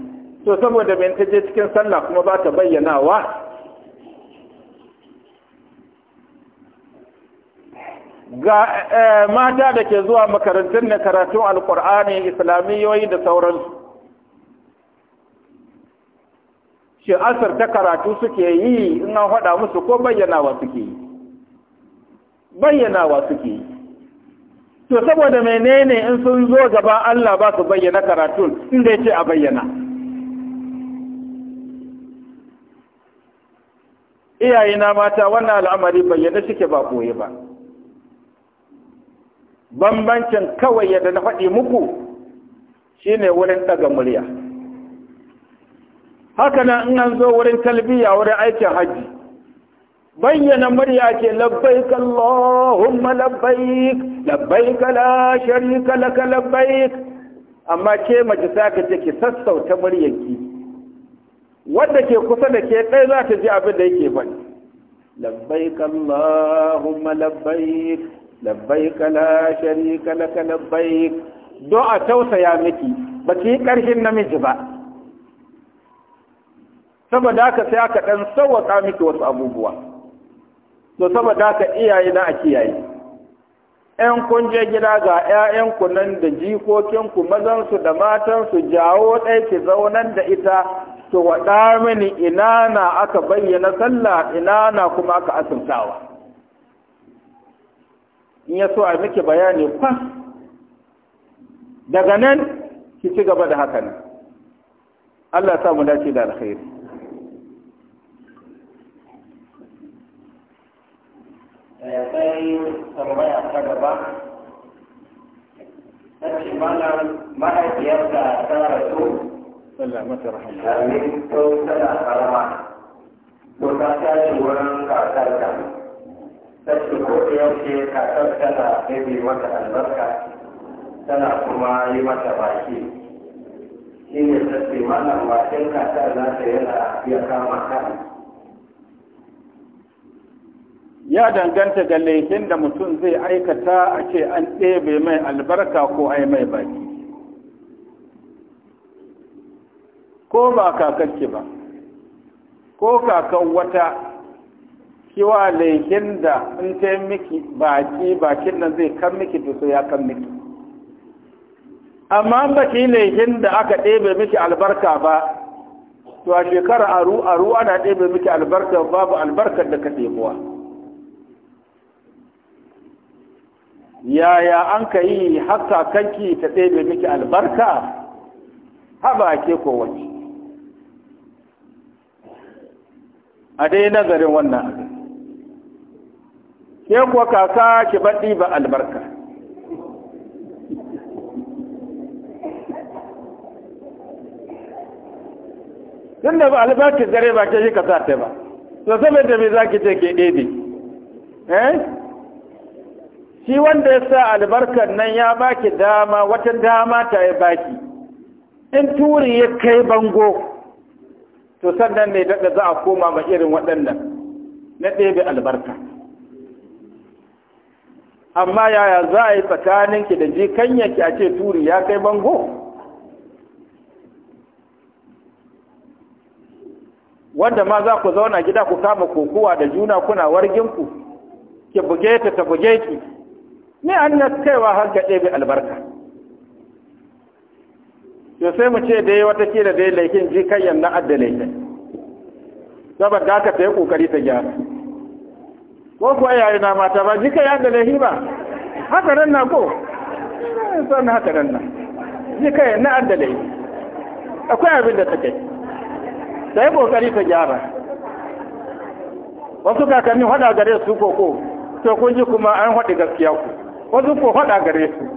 to saboda mai ta je cikin sallah kuma ba ta bayyanawa ga eh, mata da ke zuwa makarantun na karatun alkur'ani islamiyoyi da sauransu shi asar ta karatu suke yi in an haɗa musu ko bayyanawa suke yi bayyanawa suke yi to saboda menene in sun zo gaba Allah ba su bayyana karatun inda ya ce a bayyana iyayena mata wannan al'amari bayyana suke ba koye ba bambancin kawai yadda na faɗi muku shine wurin ɗaga murya haka nan in an zo wurin talbiya wurin aikin hajji bayyana murya ke labbaik Allahumma labbaik labbaik la sharika laka labbaik amma ke ka ce take sassauta muryarki wadda ke kusa da ke ɗaya za ta ji abin da yake faɗi labbaik allahumma labbaik labbaik la sharika laka labbaik Do a tausaya miki ba ki yi ƙarfin namiji ba saboda ka sai aka ɗan sauwaƙa miki wasu abubuwa to saboda haka iyaye na a kiyaye ‘yan kun je gida ga ‘ya'yanku nan da jikokinku mazansu da matansu jawo ɗaya ki zaunan da ita to waɗa mini ina na aka bayyana sallah ina na kuma aka asirtawa in ya so a miki bayani fa, daga nan ki ci gaba da haka nan Allah mu dace da
alkhairi sai tambaya ta gaba ta ce ma'aikiyar da ta rasu Allah masa rahama amin to tana karama to ta tashi wurin kasar ta ce ko da yaushe ta tana ɗebe mata albarka tana kuma yi mata baki shi ne ta ce malam kasar za ta yana ya kama kan ya
danganta ga laifin da mutum zai aikata a ce an ɗebe mai albarka ko ai mai baki ko ba kakanki ba ko kakan wata kiwa laihin da in ta yi miki baki bakin nan zai kan miki to sai ya kan miki amma baki ki laihin da aka ɗebe miki albarka ba to a shekara aru aru ana ɗebe miki albarka babu albarkar da ka ɗebuwa. yaya an ka yi haka kanki ta ɗebe miki albarka haba ke kowace a dai nazarin wannan ke kuwa kaka ki baɗi ba albarka tun da ba albarki dare ba ke shi ka sa ta ba zama da mai za ki ce ke ɗebe eh shi wanda ya sa albarkar nan ya baki dama wata dama ta ya baki in turi ya kai bango to sannan ne daga za a koma ma irin waɗannan na ɗebe albarka amma yaya za a yi tsakaninki da jikanyaki a ce turi ya kai bango wanda ma za ku zauna gida ku kama kokowa da juna kuna warginku ki buge ta ta buge ki me an kaiwa har ga ɗebe albarka to sai mu ce dai watakila dai laifin ji kayan na adda laifin saboda haka ta yi kokari ta gyara ko kuwa yayi na mata ba ji kayan da laifi ba haka nan na ko eh, sannan haka nan na ji kayan na adda laifi akwai abin da ta ta yi kokari ta gyara wasu kakannin hada gare su koko to kun ji kuma an haɗi gaskiya ku wasu ko hada gare su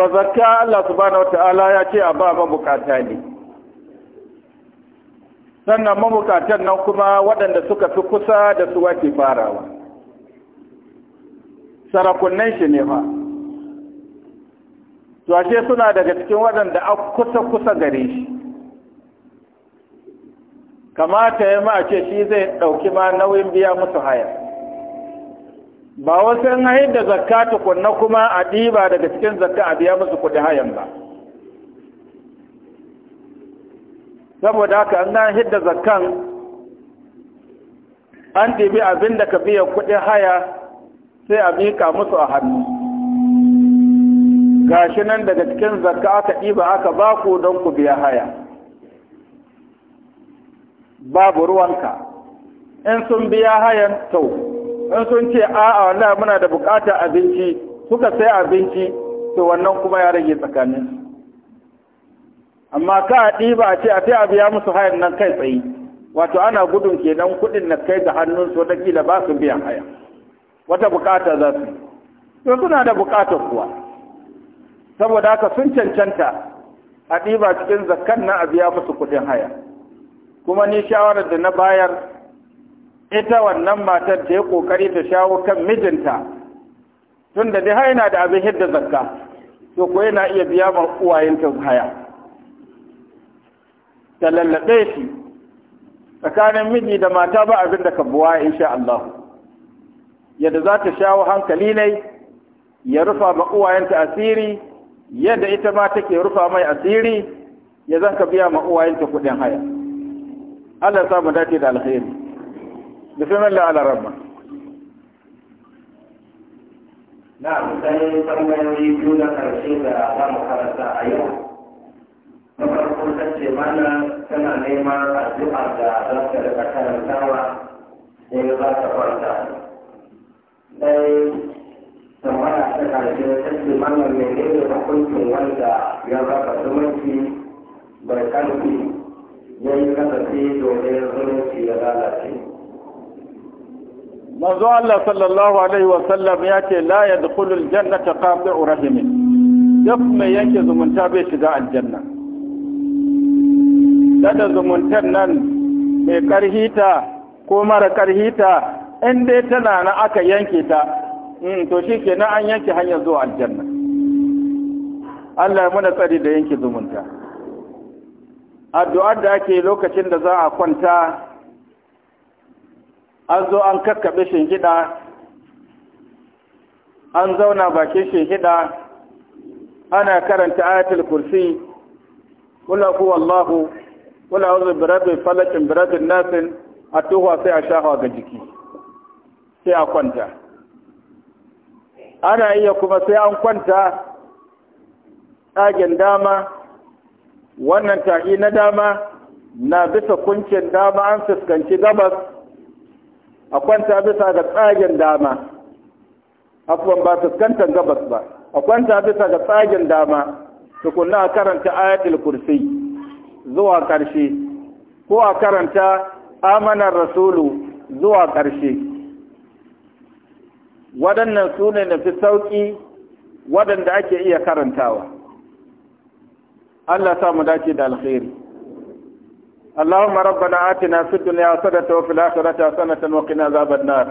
to zakka Allah subhanahu wata'ala ya ce a ba mabukata ne sannan mabukatan nan kuma waɗanda suka fi kusa da su wake farawa sarakunan shi ne ma to ashe suna daga cikin waɗanda a kusa kusa gare shi kamata ya ma ce shi zai ɗauki ma nauyin biya musu haya ba wasu an haihar da zakka tukunna kuma a ɗiba daga cikin zakka a biya musu kuɗin hayan ba saboda haka an na hidda zakkan an ɗibi abin da ka biya kuɗin haya sai a miƙa musu a hannu gashi nan daga cikin zakka aka ɗiba aka ba ku don ku biya haya babu ruwanka in sun biya hayan to in sun ce a'a wallahi muna da bukatar abinci suka sai abinci to wannan kuma ya rage tsakanin amma ka a ɗiba ce a sai a biya musu hayan nan kai tsaye wato ana gudun kenan kuɗin na kai ga hannun su kila ba su biyan haya wata bukata za su to suna da bukatar kuwa saboda haka sun cancanta a ɗiba cikin zakkan na a biya musu kuɗin haya kuma ni shawarar da na bayar ita wannan matar ta yi ƙoƙari ta shawo kan mijinta tun da dai haina da abin hidda zakka to ko yana iya biya ma uwayenta haya ta lallabe shi tsakanin miji da mata ba abin da kabuwa insha Allah yadda za ta shawo hankali ne ya rufa ma uwayenta asiri yadda ita ma take rufa mai asiri ya zanka biya ma uwayenta kuɗin haya Allah ya samu dace da alheri bismillah ala rabba
na sai tambayoyi biyu na karshe da za mu karanta a yau na farko ta ce mana tana neman addu'a da za ta rika karantawa sai za ta kwanta dai tambaya ta karshe ta ce mana menene hukuncin wanda ya raba zumunci bai barkanci ya yi kasance domin zumunci ya lalace
manzo Allah sallallahu alaihi wa sallam ya ce la yadkhulu aljannata qati'u rahim duk mai yanke zumunta bai shiga aljanna da zumuntar nan mai karhita ko mara karhita in dai tana na aka yanke ta mm, to shi ke na an yanke hanyar zuwa aljanna Allah ya muna tsari da yanke zumunta addu'ar da ake lokacin da za a kwanta an zo an kakkaɓe shingiɗa an zauna bakin shingiɗa ana karanta ayatul kursi kula huwa Allahu kula wuzu birabin falakin birabin nasin a tuhuwa sai a shahawa ga jiki sai a kwanta ana iya kuma sai an kwanta ɗagen dama wannan ta'i na dama na bisa kuncin dama an fuskanci gabas a kwanta bisa ga tsagen dama afuwan ba fuskantar gabas ba a kwanta bisa ga tsagen dama tukunna a karanta ayatul kursi zuwa ƙarshe ko a karanta amanar rasulu zuwa ƙarshe waɗannan su ne na fi sauƙi waɗanda ake iya karantawa Allah sa mu dace da alkhairi اللهم ربنا آتنا في الدنيا حسنة وفي الآخرة حسنة وقنا عذاب النار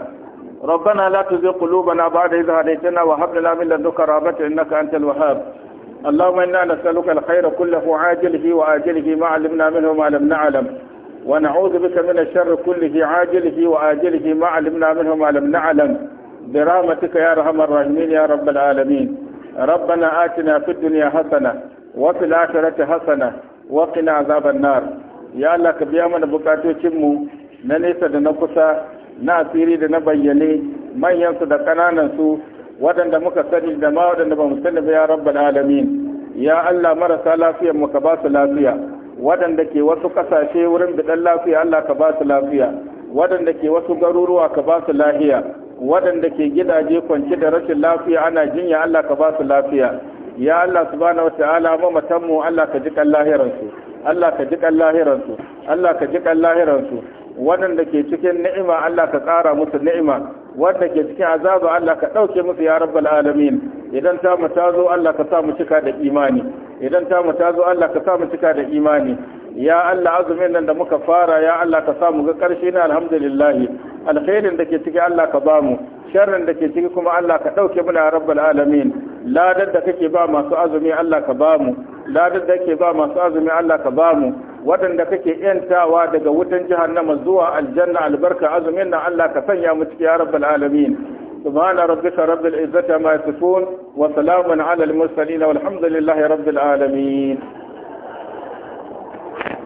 ربنا لا تزغ قلوبنا بعد إذ هديتنا وهب لنا من لدنك رحمة إنك أنت الوهاب اللهم إنا نسألك الخير كله عاجله وآجله ما علمنا منه ما لم نعلم ونعوذ بك من الشر كله عاجله وآجله ما علمنا منه ما لم نعلم برحمتك يا أرحم الراحمين يا رب العالمين ربنا آتنا في الدنيا حسنة وفي الآخرة حسنة وقنا عذاب النار ya Allah ka biya mana bukatocinmu na nesa da na kusa na asiri da na bayyane manyansu da su waɗanda muka sani da ma waɗanda ba mu sani ba ya rabbal alamin ya Allah marasa lafiyar mu ka ba su lafiya waɗanda ke wasu ƙasashe wurin dan lafiya Allah ka ba su lafiya waɗanda ke wasu garuruwa ka ba su lafiya waɗanda ke gidaje kwanci da rashin lafiya ana jinya Allah ka ba su lafiya ya Allah subhanahu wa ta'ala mu Allah ka ji kan su. Allah ka jiƙan lahiransu Allah ka jiƙan lahiransu waɗanda ke cikin ni'ima Allah ka ƙara musu ni'ima wanda ke cikin azaba Allah ka ɗauke musu ya rabbal alamin idan ta mu ta zo Allah ka sa mu cika da imani idan ta mu ta zo Allah ka sa mu cika da imani ya Allah azumin nan da muka fara ya Allah ka samu ga karshe na alhamdulillahi alkhairin da ke ciki Allah ka ba mu sharrin da ke ciki kuma Allah ka ɗauke muna rabbal alamin ladar da kake ba masu azumi Allah ka ba mu ladar da kake ba masu azumi Allah ka ba mu waɗanda kake yantawa daga wutan jahannama zuwa aljanna albarka azumin nan Allah ka sanya mu ciki ya rabbal alamin سبحان ربك رب العزة ما يصفون وسلام على المرسلين والحمد لله رب العالمين